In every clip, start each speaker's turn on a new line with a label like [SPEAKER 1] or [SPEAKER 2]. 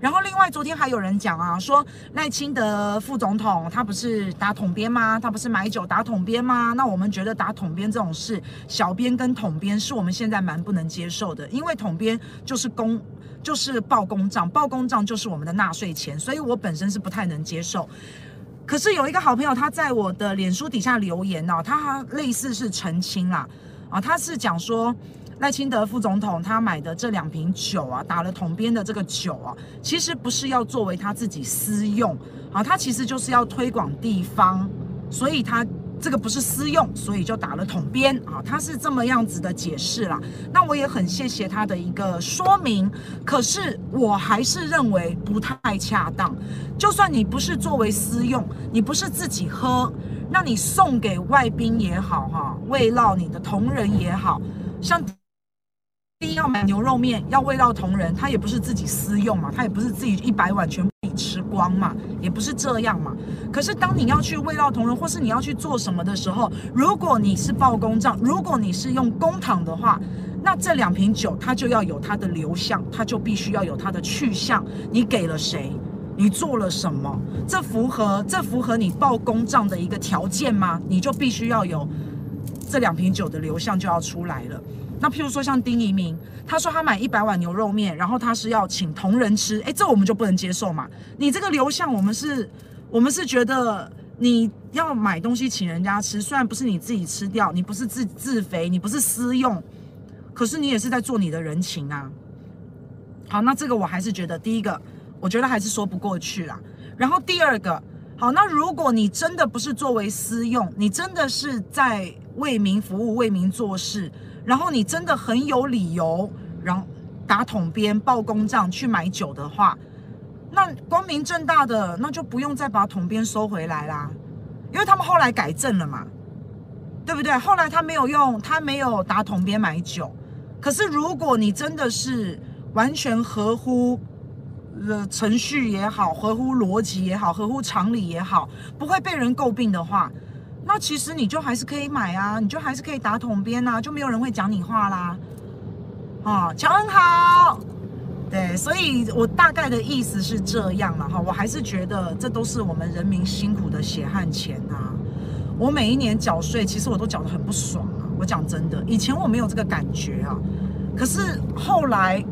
[SPEAKER 1] 然後，另外昨天還有人講啊，說賴清德副總統他不是打統編嗎？他不是買酒打統編嗎？那我們覺得打統編這種事，小編跟統編是我們現在蠻不能接受的，因為統編就是公，就是報公賬，報公賬就是我們的納稅錢，所以我本身是不太能接受。可是有一個好朋友他在我的臉書底下留言哦，他類似是澄清啦，啊，他是講說。賴清德副總統他買的這兩瓶酒啊，打了統編的這個酒啊，其實不是要作為他自己私用啊，他其實就是要推廣地方，所以他這個不是私用，所以就打了統編。啊，他是這麼樣子的解釋啦。那我也很謝謝他的一個說明，可是我還是認為不太恰當。就算你不是作為私用，你不是自己喝，那你送給外賓也好哈、啊，慰勞你的同仁也好像。第一要買牛肉麵，要餵到同仁，他也不是自己私用嘛，他也不是自己一百碗全部你吃光嘛，也不是這樣嘛。可是當你要去餵到同仁，或是你要去做什麼的時候，如果你是報公賬，如果你是用公帑的話，那這兩瓶酒它就要有它的流向，它就必須要有它的去向。你給了誰？你做了什麼？這符合這符合你報公賬的一個條件嗎？你就必須要有這兩瓶酒的流向就要出來了。那譬如說像丁怡銘，他說他買一百碗牛肉麵，然後他是要請同仁吃，哎，這我們就不能接受嘛。你這個流向，我們是，我們是覺得你要買東西請人家吃，雖然不是你自己吃掉，你不是自自肥，你不是私用，可是你也是在做你的人情啊。好，那這個我還是覺得，第一個，我覺得還是說不過去啦。然後第二個，好，那如果你真的不是作為私用，你真的是在為民服務、為民做事。然後你真的很有理由，然後打統編報公賬去買酒的話，那光明正大的那就不用再把統編收回來啦，因為他們後來改正了嘛，對不對？後來他沒有用，他沒有打統編買酒。可是如果你真的是完全合乎程序也好，合乎邏輯也好，合乎常理也好，不會被人詬病的話。那其實你就還是可以買啊，你就還是可以打統編啊，就沒有人會講你話啦。啊、哦，喬恩好，對，所以我大概的意思是這樣了哈。我還是覺得這都是我們人民辛苦的血汗錢啊。我每一年繳稅，其實我都繳得很不爽啊。我講真的，以前我沒有這個感覺啊。可是後來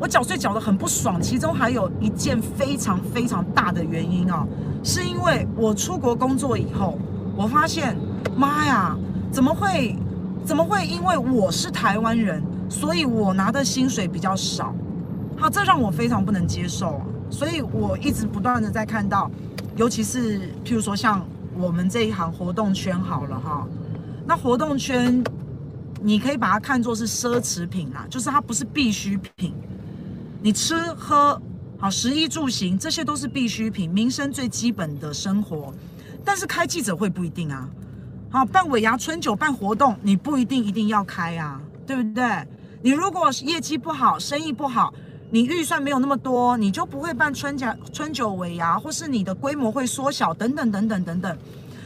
[SPEAKER 1] 我繳稅繳得很不爽，其中還有一件非常非常大的原因啊，是因為我出國工作以後。我發現，媽呀，怎麼會，怎麼會因為我是台灣人，所以我拿的薪水比較少？好，這讓我非常不能接受啊。所以我一直不斷的在看到，尤其是譬如說像我們這一行活動圈好了哈啊，那活動圈，你可以把它看作是奢侈品啦啊，就是它不是必需品。你吃喝好，食衣住行這些都是必需品，民生最基本的生活。但是開記者會不一定啊,啊，好辦尾牙春酒辦活動，你不一定一定要開呀，啊，對不對？你如果業績不好，生意不好，你預算沒有那麼多，你就不會辦春假春酒尾牙，或是你的規模會縮小等等等等等等。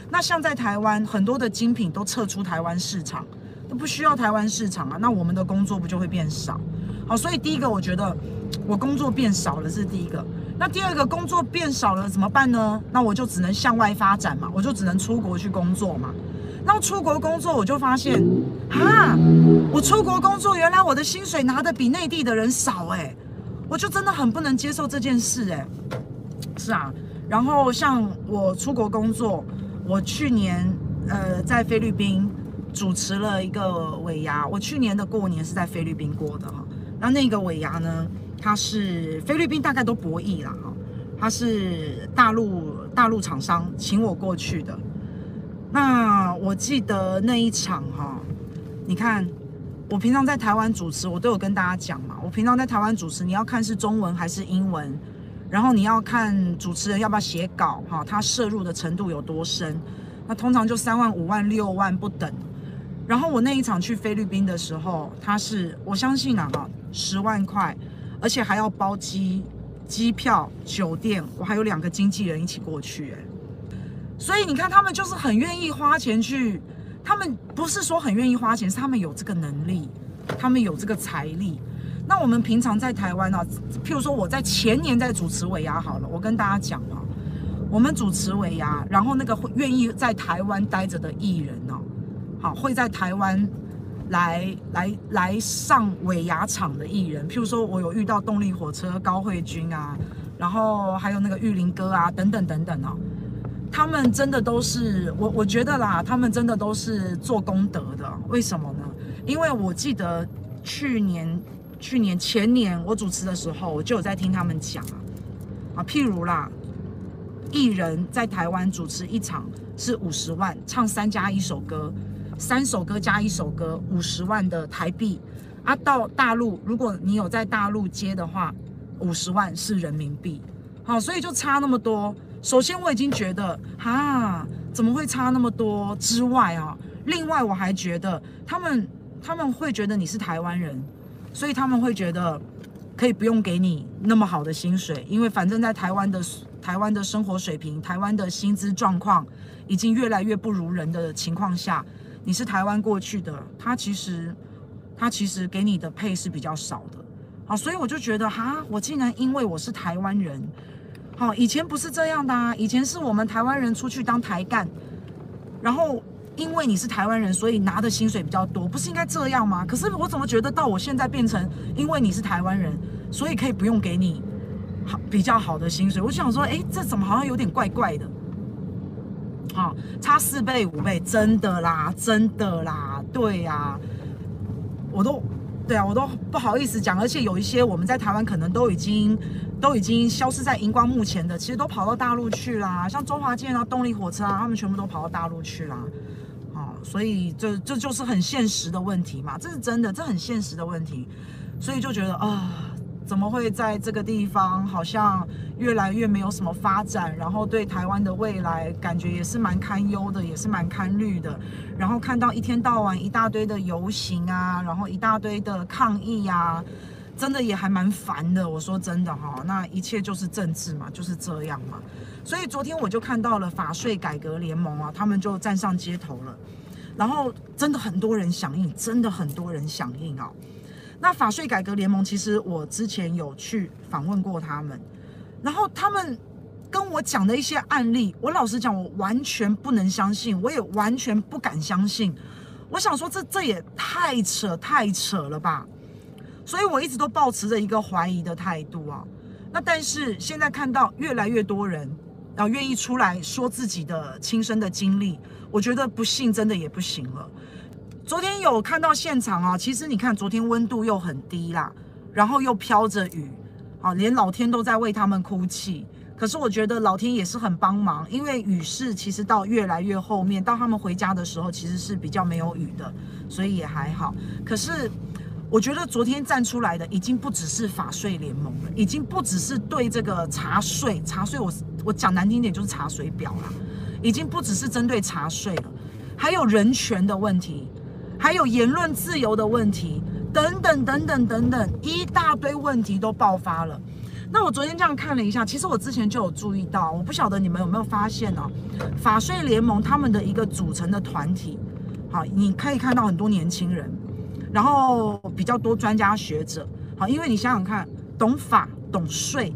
[SPEAKER 1] 那像在台灣，很多的精品都撤出台灣市場，都不需要台灣市場啊，那我們的工作不就會變少？好，所以第一個我覺得我工作變少了，這是第一個。那第二個工作變少了怎麼辦呢？那我就只能向外發展嘛，我就只能出國去工作嘛。那出國工作，我就發現，啊，我出國工作，原來我的薪水拿得比內地的人少哎、欸，我就真的很不能接受這件事哎、欸。是啊，然後像我出國工作，我去年呃在菲律賓主持了一個尾牙，我去年的過年是在菲律賓過的哈。那那個尾牙呢？他是菲律賓，大概都博弈了哈。他是大陸大陸廠商請我過去的。那我記得那一場哈、哦，你看我平常在台灣主持，我都有跟大家講嘛。我平常在台灣主持，你要看是中文還是英文，然後你要看主持人要不要寫稿哈、哦，他涉入的程度有多深。那通常就三萬、五萬、六萬不等。然後我那一場去菲律賓的時候，他是我相信啊哈，十萬塊。而且還要包機、機票、酒店，我還有兩個經紀人一起過去、欸、所以你看他們就是很願意花錢去，他們不是說很願意花錢，是他們有這個能力，他們有這個財力。那我們平常在台灣啊，譬如說我在前年在主持尾牙好了，我跟大家講啊，我們主持尾牙，然後那個會願意在台灣待着的藝人呢、啊，好會在台灣。來來來，來來上尾牙場的藝人，譬如說我有遇到動力火車高慧君啊，然後還有那個玉林哥啊，等等等等哦，他們真的都是我我覺得啦，他們真的都是做功德的。為什麼呢？因為我記得去年、去年前年我主持的時候，我就有在聽他們講啊，啊，譬如啦，藝人在台灣主持一場是五十萬，唱三加一首歌。三首歌加一首歌，五十萬的台幣，啊，到大陸，如果你有在大陸接的話，五十萬是人民幣，好，所以就差那麼多。首先我已經覺得，哈、啊，怎麼會差那麼多之外啊？另外我還覺得，他們他們會覺得你是台灣人，所以他們會覺得可以不用給你那麼好的薪水，因為反正在台灣的台灣的生活水平、台灣的薪資狀況已經越來越不如人的情況下。你是台灣過去的，他其實，他其實給你的 pay 是比較少的，好，所以我就覺得哈，我竟然因為我是台灣人，好、哦，以前不是這樣的啊，以前是我們台灣人出去當台幹，然後因為你是台灣人，所以拿的薪水比較多，不是應該這樣嗎？可是我怎麼覺得到我現在變成因為你是台灣人，所以可以不用給你好比較好的薪水？我想說，哎、欸，這怎麼好像有點怪怪的？好、哦，差四倍五倍，真的啦，真的啦，對呀、啊，我都，對啊，我都不好意思講，而且有一些我們在台灣可能都已經都已經消失在熒光幕前的，其實都跑到大陸去啦、啊，像周華健啊、動力火車啊，他們全部都跑到大陸去啦、啊，好、哦，所以這這就是很現實的問題嘛，這是真的，這很現實的問題，所以就覺得啊。哦怎麼會在這個地方好像越來越沒有什麼發展，然後對台灣的未來感覺也是蠻堪憂的，也是蠻堪慮的。然後看到一天到晚一大堆的遊行啊，然後一大堆的抗議啊，真的也還蠻煩的。我說真的哈、哦，那一切就是政治嘛，就是這樣嘛。所以昨天我就看到了法稅改革聯盟啊，他們就站上街頭了，然後真的很多人響應，真的很多人響應啊。那法稅改革聯盟，其實我之前有去訪問過他們，然後他們跟我講的一些案例，我老實講，我完全不能相信，我也完全不敢相信。我想說，這這也太扯太扯了吧！所以我一直都抱持着一個懷疑的態度啊。那但是現在看到越來越多人，然後願意出來說自己的親身的經歷，我覺得不信真的也不行了。昨天有看到現場啊，其實你看昨天溫度又很低啦，然後又飄着雨，啊，連老天都在為他們哭泣。可是我覺得老天也是很幫忙，因為雨勢其實到越來越後面，到他們回家的時候其實是比較沒有雨的，所以也還好。可是我覺得昨天站出來的已經不只是法稅聯盟了，已經不只是對這個茶稅，茶稅我我講難聽點就是茶水表啦，已經不只是針對茶稅了，還有人權的問題。還有言論自由的問題，等等等等等等，一大堆問題都爆發了。那我昨天這樣看了一下，其實我之前就有注意到，我不曉得你們有沒有發現呢？哦？法稅聯盟他們的一個組成的團體，好，你可以看到很多年輕人，然後比較多專家學者，好，因為你想想看，懂法懂稅。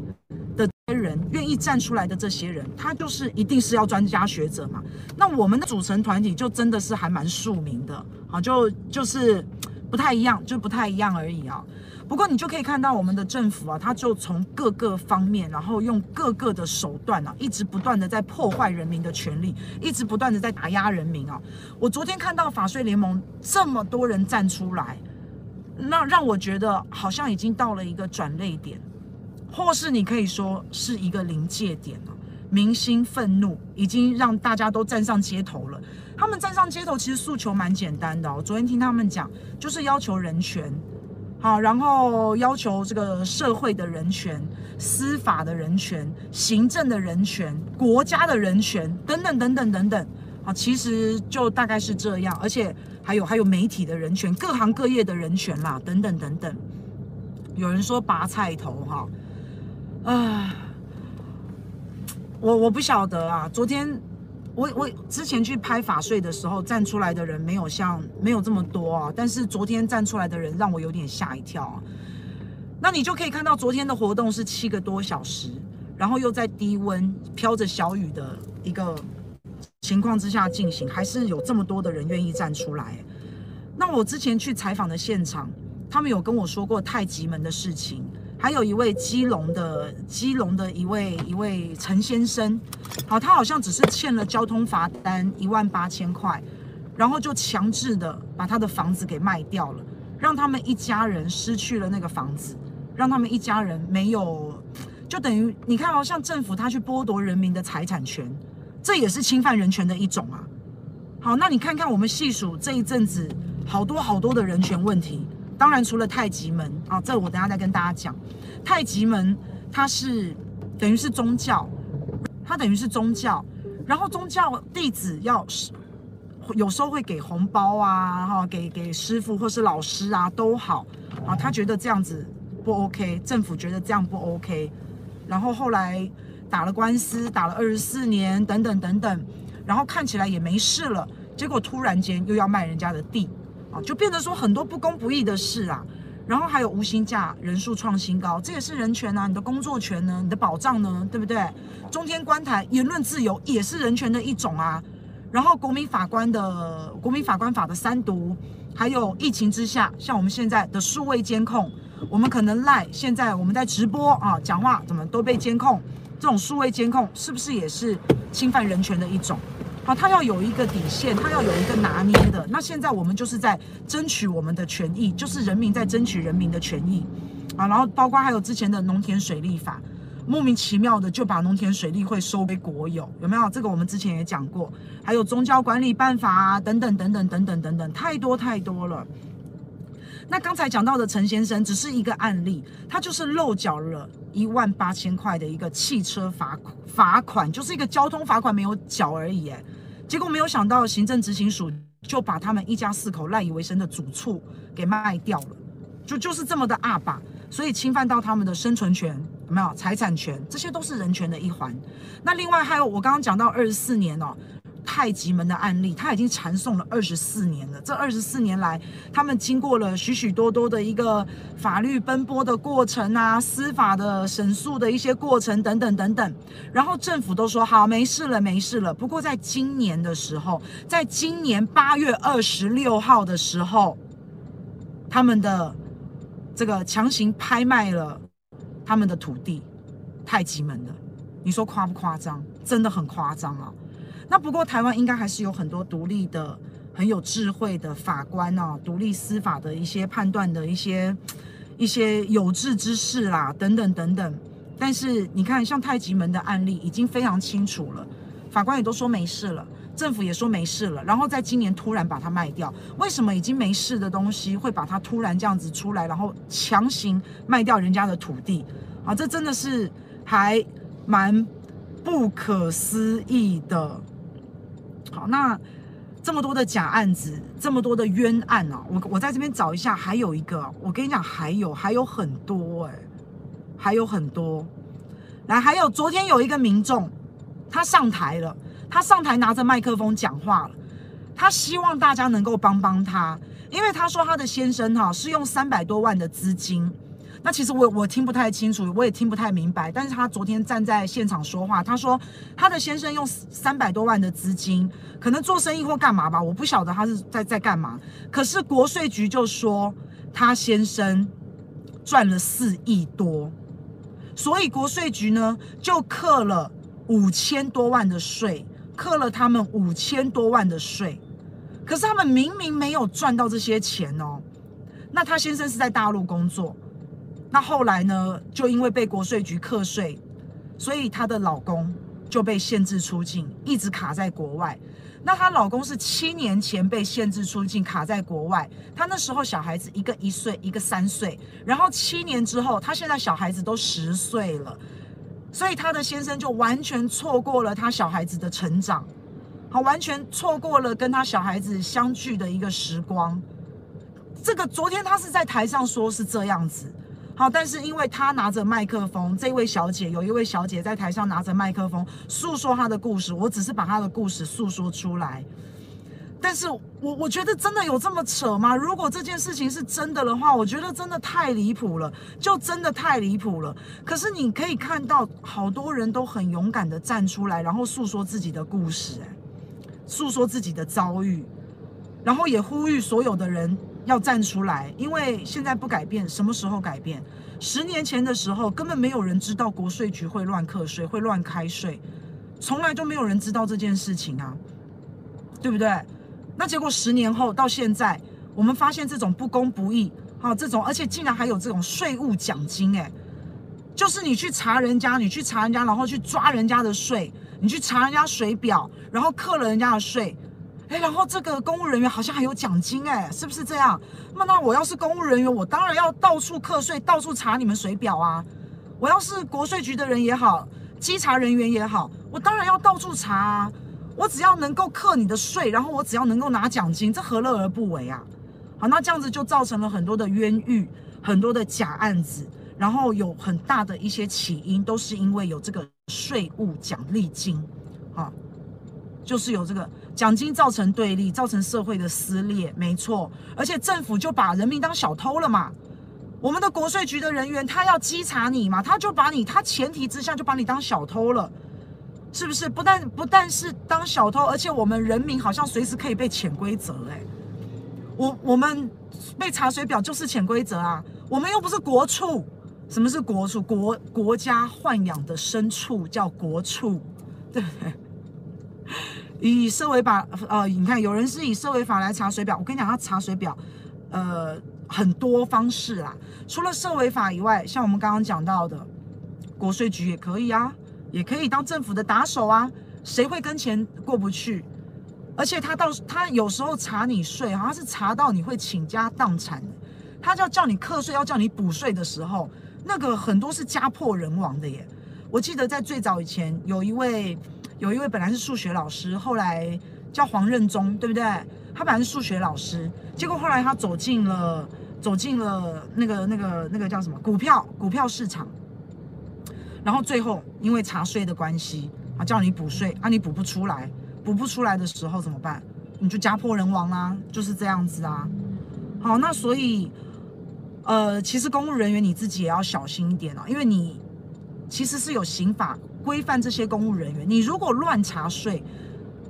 [SPEAKER 1] 人願意站出來的這些人，他就是一定是要專家學者嘛。那我們的組成團體就真的是還蠻庶民的啊，就就是不太一樣，就不太一樣而已啊、哦。不過你就可以看到我們的政府啊，他就從各個方面，然後用各個的手段啊，一直不斷的在破壞人民的權利，一直不斷的在打壓人民啊。我昨天看到法稅聯盟這麼多人站出來，那讓我覺得好像已經到了一個轉捩點。或是你可以說是一個臨界點了，民心憤怒已經讓大家都站上街頭了。他們站上街頭，其實訴求蠻簡單的哦、喔。昨天聽他們講，就是要求人權，好，然後要求這個社會的人權、司法的人權、行政的人權、國家的人權等等等等等等。好，其實就大概是這樣，而且還有還有媒體的人權、各行各業的人權啦，等等等等。有人說拔菜頭哈。啊，我我不曉得啊。昨天，我我之前去拍法稅的時候，站出來的人沒有像沒有這麼多啊。但是昨天站出來的人讓我有點嚇一跳啊。那你就可以看到昨天的活動是七個多小時，然後又在低溫、飄着小雨的一個情況之下進行，還是有這麼多的人願意站出來欸。那我之前去採訪的現場，他們有跟我說過太極門的事情。還有一位基隆的基隆的一位一位陳先生，好，他好像只是欠了交通罰單一萬八千塊，然後就強制的把他的房子給賣掉了，讓他們一家人失去了那個房子，讓他們一家人沒有，就等於你看哦，像政府他去剝奪人民的財產權，這也是侵犯人權的一種啊。好，那你看看我們細數這一陣子好多好多的人權問題。當然，除了太極門啊，這我等下再跟大家講。太極門它是等於是宗教，它等於是宗教，然後宗教弟子要是有時候會給紅包啊，哈，給給師傅或是老師啊都好，啊，他覺得這樣子不 OK，政府覺得這樣不 OK，然後後來打了官司，打了24年等等等等，然後看起來也沒事了，結果突然間又要賣人家的地。就變得說很多不公不義的事啊，然後還有無薪假人數創新高，這也是人權吶、啊！你的工作權呢？你的保障呢？對不對？中天關台言論自由也是人權的一種啊。然後國民法官的國民法官法的三讀，還有疫情之下，像我們現在的數位監控，我們可能賴現在我們在直播啊講話怎麼都被監控，這種數位監控是不是也是侵犯人權的一種？好，他要有一個底線，他要有一個拿捏的。那現在我們就是在爭取我們的權益，就是人民在爭取人民的權益，啊，然後包括還有之前的農田水利法，莫名其妙的就把農田水利會收歸國有，有沒有？這個我們之前也講過，還有宗教管理辦法啊，等等等等等等等等，太多太多了。那剛才講到的陳先生只是一個案例，他就是漏繳了一萬八千塊的一個汽車罰款，罰款就是一個交通罰款沒有繳而已，哎。結果沒有想到，行政執行署就把他們一家四口賴以為生的主厝，給賣掉了，就就是這麼的惡霸，所以侵犯到他們的生存權，有沒有財產權？這些都是人權的一環。那另外還有，我剛剛講到二十四年哦。太極門的案例，他已經傳送了二十四年了。這二十四年來，他們經過了許許多多的一個法律奔波的過程啊，司法的審訴的一些過程等等等等。然後政府都說好沒事了，沒事了。不過在今年的時候，在今年八月二十六號的時候，他們的這個強行拍賣了他們的土地，太極門的，你說誇不誇張？真的很誇張啊！那不過台灣應該還是有很多獨立的、很有智慧的法官哦、啊，獨立司法的一些判斷的一些一些有志之士啦，等等等等。但是你看，像太極門的案例已經非常清楚了，法官也都說沒事了，政府也說沒事了。然後在今年突然把它賣掉，為什麼已經沒事的東西會把它突然這樣子出來，然後強行賣掉人家的土地？啊，這真的是還蠻不可思議的。好，那這麼多的假案子，這麼多的冤案哦、啊，我我在這邊找一下，還有一個、啊，我跟你講，還有還有很多、欸，哎，還有很多，來，還有昨天有一個民眾，他上台了，他上台拿着麥克風講話了，他希望大家能夠幫幫他，因為他說他的先生哈、啊，是用三百多萬的資金。那其實我我聽不太清楚，我也聽不太明白。但是他昨天站在現場說話，他說他的先生用三百多萬的資金，可能做生意或幹嘛吧，我不曉得他是在在幹嘛。可是國稅局就說他先生賺了四億多，所以國稅局呢就課了五千多萬的稅，課了他們五千多萬的稅。可是他們明明沒有賺到這些錢哦。那他先生是在大陸工作。那後來呢？就因為被國稅局課稅，所以她的老公就被限制出境，一直卡在國外。那她老公是七年前被限制出境，卡在國外。她那時候小孩子一個一歲，一個三歲。然後七年之後，她現在小孩子都十歲了，所以她的先生就完全錯過了他小孩子的成長，好，完全錯過了跟他小孩子相聚的一個時光。這個昨天他是在台上說是這樣子。好，但是因為她拿着麥克風，這位小姐有一位小姐在台上拿着麥克風訴說她的故事，我只是把她的故事訴說出來。但是我我覺得真的有這麼扯嗎？如果這件事情是真的的話，我覺得真的太離譜了，就真的太離譜了。可是你可以看到好多人都很勇敢地站出來，然後訴說自己的故事，誒，訴說自己的遭遇，然後也呼籲所有的人。要站出來，因為現在不改變，什麼時候改變？十年前的時候，根本沒有人知道國稅局會亂扣稅，會亂開稅，從來就沒有人知道這件事情啊，對不對？那結果十年後到現在，我們發現這種不公不義，好，這種而且竟然還有這種稅務獎金，哎，就是你去查人家，你去查人家，然後去抓人家的稅，你去查人家水表，然後扣了人家的稅。哎、欸，然後這個公務人員好像還有獎金、欸，誒，是不是這樣？那那我要是公務人員，我當然要到處課稅，到處查你們水表啊！我要是國稅局的人也好，稽查人員也好，我當然要到處查啊！我只要能夠課你的稅，然後我只要能夠拿獎金，這何樂而不為啊？好，那這樣子就造成了很多的冤獄，很多的假案子，然後有很大的一些起因都是因為有這個稅務獎勵金，啊，就是有這個。獎金造成對立，造成社會的撕裂，沒錯。而且政府就把人民當小偷了嘛？我們的國稅局的人員，他要稽查你嘛？他就把你，他前提之下就把你當小偷了，是不是？不但不但是當小偷，而且我們人民好像隨時可以被潛規則誒、欸，我我們被查水表就是潛規則啊。我們又不是國畜，什麼是國畜？國國家豢養的牲畜叫國畜，對不對？以社維法，呃，你看有人是以社維法來查水表。我跟你講，他查水表，呃，很多方式啦、啊。除了社維法以外，像我們剛剛講到的，國稅局也可以啊，也可以當政府的打手啊。誰會跟錢過不去？而且他到他有時候查你稅，好像是查到你會傾家蕩產。他要叫你課稅，要叫你補稅的時候，那個很多是家破人亡的耶。我記得在最早以前，有一位。有一位本來是數學老師，後來叫黃任中，對不對？他本來是數學老師，結果後來他走進了走進了那個那個那個叫什麼股票股票市場，然後最後因為查稅的關係，啊叫你補稅啊，你補不出來，補不出來的時候怎麼辦？你就家破人亡啊，就是這樣子啊。好，那所以呃，其實公務人員你自己也要小心一點哦，因為你其實是有刑法。規範這些公務人員，你如果亂查稅，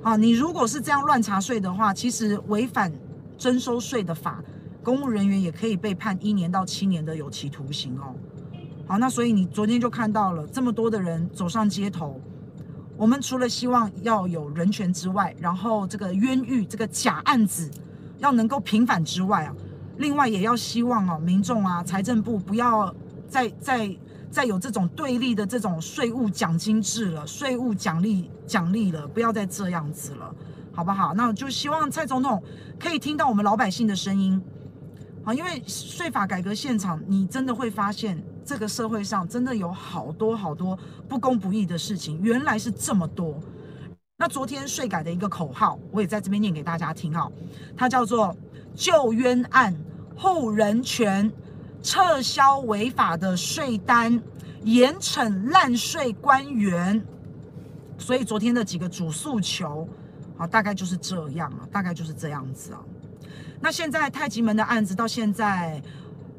[SPEAKER 1] 啊，你如果是這樣亂查稅的話，其實違反徵收稅的法，公務人員也可以被判一年到七年的有期徒刑哦。好，那所以你昨天就看到了這麼多的人走上街頭，我們除了希望要有人權之外，然後這個冤獄、這個假案子要能夠平反之外啊，另外也要希望哦，民眾啊，財政部不要再再。再有這種對立的這種稅務獎金制了，稅務獎勵獎勵了，不要再這樣子了，好不好？那就希望蔡總統可以聽到我們老百姓的聲音，好，因為稅法改革現場，你真的會發現這個社會上真的有好多好多不公不義的事情，原來是這麼多。那昨天稅改的一個口號，我也在這邊念給大家聽哈，它叫做“救冤案，護人權”。撤銷違法的稅單，嚴懲濫稅官員，所以昨天的幾個主訴求，好，大概就是這樣了，大概就是這樣子啊。那現在太極門的案子到現在，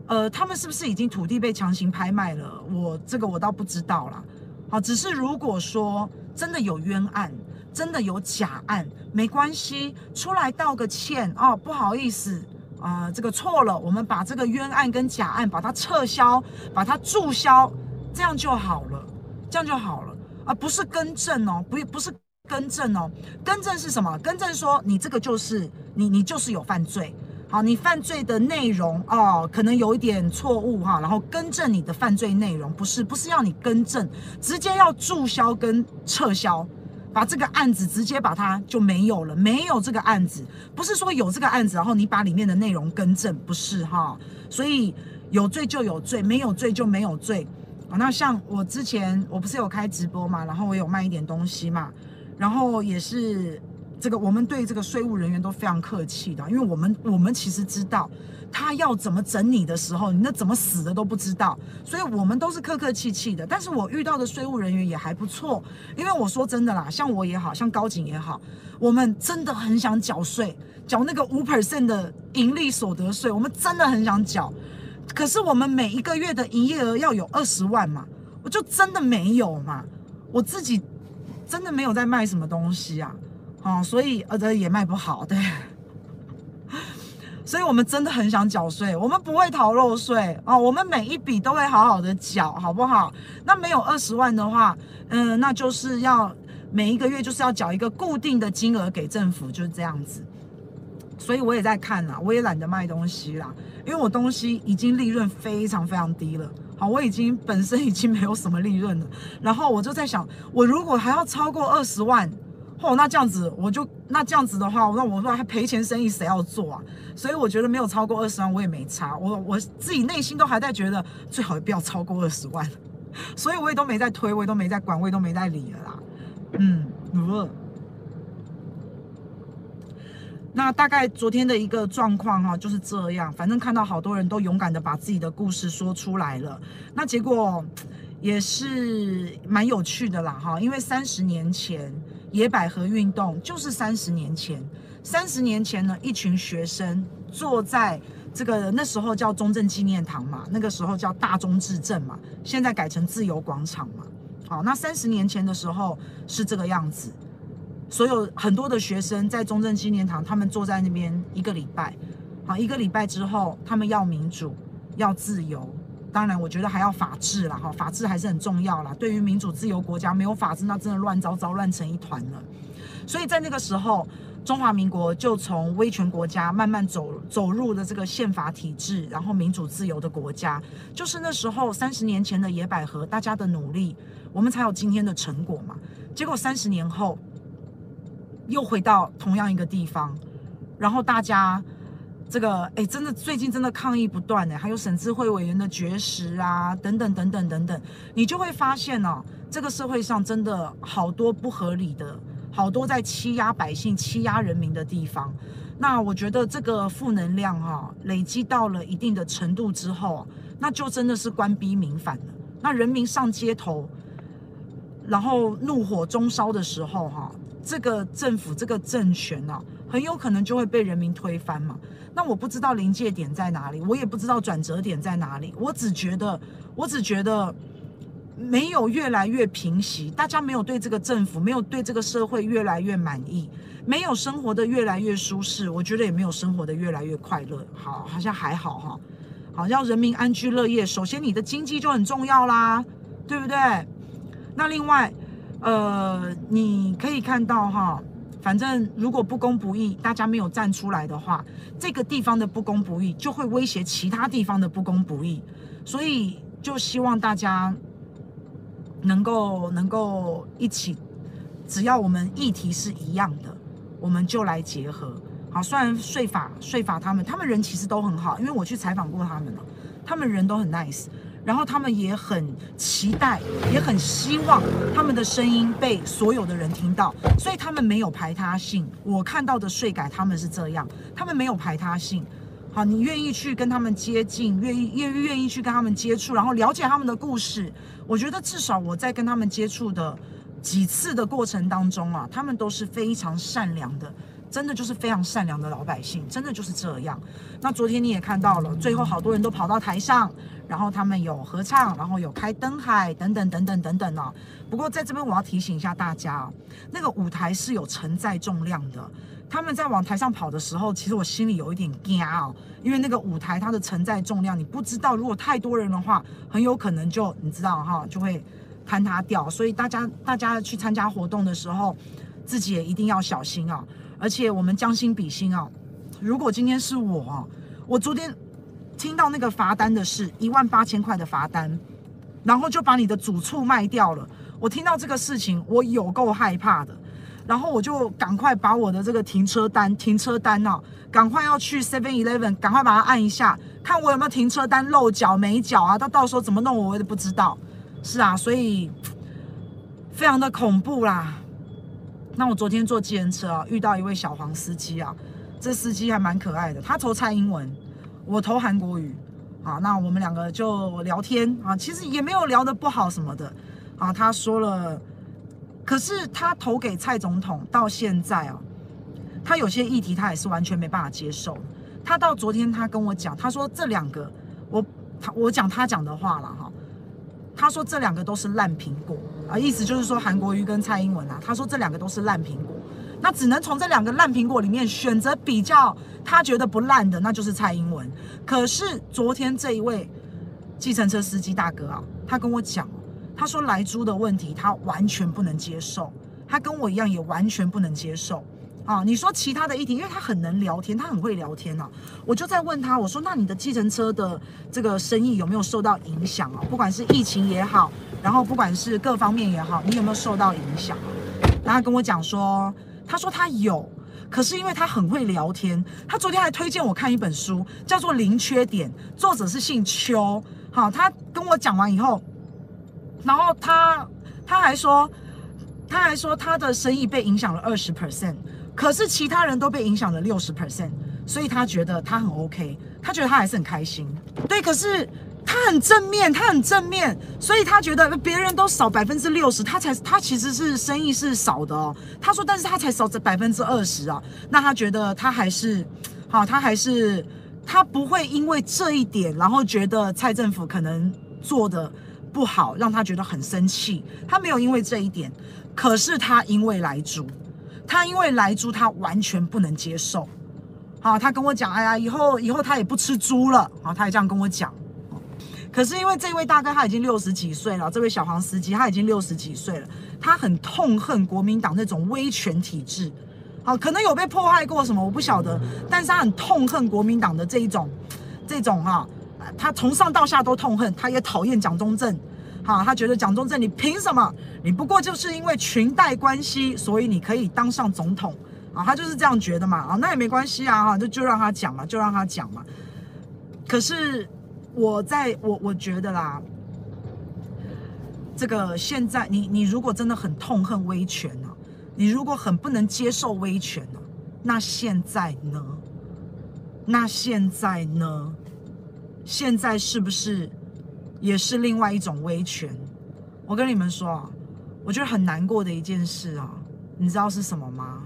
[SPEAKER 1] 呃，他們是不是已經土地被強行拍賣了？我這個我倒不知道了。好，只是如果說真的有冤案，真的有假案，沒關係，出來道個歉哦，不好意思。啊、呃，這個錯了，我們把這個冤案跟假案把它撤銷，把它註銷，這樣就好了，這樣就好了。而、呃、不是更正哦，不不是更正哦，更正是什麼？更正說你這個就是你你就是有犯罪，好，你犯罪的內容哦，可能有一點錯誤哈、啊，然後更正你的犯罪內容，不是不是要你更正，直接要註銷跟撤銷。把這個案子直接把它就沒有了，沒有這個案子，不是說有這個案子，然後你把裡面的內容更正，不是哈、哦。所以有罪就有罪，沒有罪就沒有罪。啊、哦，那像我之前我不是有開直播嘛，然後我有賣一點東西嘛，然後也是這個我們對這個稅務人員都非常客氣的，因為我們我們其實知道。他要怎麼整你的時候，你那怎麼死的都不知道。所以我們都是客客氣氣的。但是我遇到的稅務人員也還不錯，因為我說真的啦，像我也好，像高景也好，我們真的很想繳稅，繳那個五 percent 的盈利所得稅，我們真的很想繳。可是我們每一個月的營業額要有二十萬嘛，我就真的沒有嘛，我自己真的沒有在賣什麼東西啊，啊、嗯、所以呃也賣不好，對。所以，我們真的很想繳稅，我們不會逃漏稅啊、哦！我們每一筆都會好好的繳，好不好？那沒有二十萬的話，嗯，那就是要每一個月就是要繳一個固定的金額給政府，就是這樣子。所以我也在看啦，我也懶得賣東西啦，因為我東西已經利潤非常非常低了。好，我已經本身已經沒有什麼利潤了，然後我就在想，我如果還要超過二十萬。哦，那這樣子我就那這樣子的話，那我說還賠錢生意誰要做啊？所以我覺得沒有超過二十萬，我也沒差。我我自己內心都還在覺得，最好也不要超過二十萬。所以我也都沒在推，我也都沒在管，我也都沒在理了啦。嗯，那大概昨天的一個狀況哈，就是這樣。反正看到好多人都勇敢的把自己的故事說出來了，那結果也是蠻有趣的啦哈。因為三十年前。野百合運動就是三十年前，三十年前呢，一群學生坐在這個那時候叫中正紀念堂嘛，那個時候叫大中至正嘛，現在改成自由廣場嘛。好，那三十年前的時候是這個樣子，所有很多的學生在中正紀念堂，他們坐在那邊一個禮拜，好，一個禮拜之後，他們要民主，要自由。當然，我覺得還要法治啦哈，法治還是很重要啦。對於民主自由國家，沒有法治，那真的亂糟糟、亂成一團了。所以在那個時候，中華民國就從威權國家慢慢走走入了這個憲法體制，然後民主自由的國家。就是那時候三十年前的野百合，大家的努力，我們才有今天的成果嘛。結果三十年後，又回到同樣一個地方，然後大家。這個哎、欸，真的最近真的抗議不斷哎，還有省智慧委員的絕食啊，等等等等等等，你就會發現哦、啊，這個社會上真的好多不合理的，好多在欺壓百姓、欺壓人民的地方。那我覺得這個負能量哈、啊、累積到了一定的程度之後，那就真的是官逼民反了。那人民上街頭，然後怒火中燒的時候哈、啊。這個政府這個政權呢、啊，很有可能就會被人民推翻嘛。那我不知道臨界點在哪裡，我也不知道轉折點在哪裡。我只覺得，我只覺得沒有越來越平息，大家沒有對這個政府，沒有對這個社會越來越滿意，沒有生活得越來越舒適，我覺得也沒有生活得越來越快樂。好，好像還好哈。好，像人民安居樂業，首先你的經濟就很重要啦，對不對？那另外。呃，你可以看到哈，反正如果不公不義，大家沒有站出來的話，這個地方的不公不義就會威脅其他地方的不公不義，所以就希望大家能夠能夠一起，只要我們議題是一樣的，我們就來結合。好，雖然稅法稅法他們他們人其實都很好，因為我去採訪過他們了，他們人都很 nice。然後他們也很期待，也很希望他們的聲音被所有的人聽到，所以他們沒有排他性。我看到的稅改他們是這樣，他們沒有排他性。好，你願意去跟他們接近，願意、願意、願意去跟他們接觸，然後了解他們的故事。我覺得至少我在跟他們接觸的幾次的過程當中啊，他們都是非常善良的。真的就是非常善良的老百姓，真的就是這樣。那昨天你也看到了，最後好多人都跑到台上，然後他們有合唱，然後有開燈海，等等等等等等哦。不過在這邊我要提醒一下大家哦，那個舞台是有承載重量的。他們在往台上跑的時候，其實我心裡有一點怕哦，因為那個舞台它的承載重量你不知道，如果太多人的話，很有可能就你知道哈、哦，就會坍塌掉。所以大家大家去參加活動的時候，自己也一定要小心哦。而且我們將心比心啊，如果今天是我啊，我昨天聽到那個罰單的事，一萬八千塊的罰單，然後就把你的住處賣掉了。我聽到這個事情，我有夠害怕的，然後我就趕快把我的這個停車單，停車單啊，趕快要去 Seven Eleven，趕快把它按一下，看我有沒有停車單漏繳沒繳啊，到到時候怎麼弄我我都不知道。是啊，所以非常的恐怖啦。那我昨天坐計程車啊，遇到一位小黃司機啊，這司機還蠻可愛的。他投蔡英文，我投韓國瑜。好，那我們兩個就聊天啊，其實也沒有聊得不好什麼的，啊。他說了，可是他投給蔡總統到現在啊，他有些議題他也是完全沒辦法接受。他到昨天他跟我講，他說這兩個我他我講他講的話了哈，他說這兩個都是爛蘋果。啊，意思就是說韓國瑜跟蔡英文啊，他說這兩個都是爛蘋果，那只能從這兩個爛蘋果裡面選擇比較他覺得不爛的，那就是蔡英文。可是昨天這一位計程車司機大哥啊，他跟我講，他說萊豬的問題他完全不能接受，他跟我一樣也完全不能接受。啊，你說其他的議題，因為他很能聊天，他很會聊天吶，啊，我就在問他，我說那你的計程車的這個生意有沒有受到影響啊？不管是疫情也好。然後不管是各方面也好，你有沒有受到影響？然後跟我講說，他說他有，可是因為他很會聊天，他昨天還推薦我看一本書，叫做《零缺點》，作者是姓邱。好，他跟我講完以後，然後他他還說，他還說他的生意被影響了二十 percent，可是其他人都被影響了六十 percent，所以他覺得他很 OK，他覺得他還是很開心。對，可是。他很正面，他很正面，所以他覺得別人都少百分之六十，他才他其實是生意是少的哦、喔。他說，但是他才少百分之二十啊，那他覺得他還是，好，他還是，他不會因為這一點，然後覺得蔡政府可能做得不好，讓他覺得很生氣。他沒有因為這一點，可是他因為萊豬，他因為萊豬，他完全不能接受。好，他跟我講，哎呀，以後以後他也不吃豬了，好，他也這樣跟我講。可是因為這位大哥，他已經六十幾歲了，這位小黃司機他已經六十幾歲了，他很痛恨國民黨那種威權體制，好、啊、可能有被迫害過什麼，我不曉得，但是他很痛恨國民黨的這一種，這種哈、啊，他從上到下都痛恨，他也討厭蔣中正，好、啊，他覺得蔣中正你憑什麼？你不過就是因為裙帶關係，所以你可以當上總統，啊，他就是這樣覺得嘛，啊，那也沒關係啊，哈、啊，就就讓他講嘛，就讓他講嘛，可是。我在我我覺得啦，這個現在你你如果真的很痛恨威權呢、啊、你如果很不能接受威權呢、啊、那現在呢？那現在呢？現在是不是也是另外一種威權？我跟你們說啊，我覺得很難過的一件事啊，你知道是什麼嗎？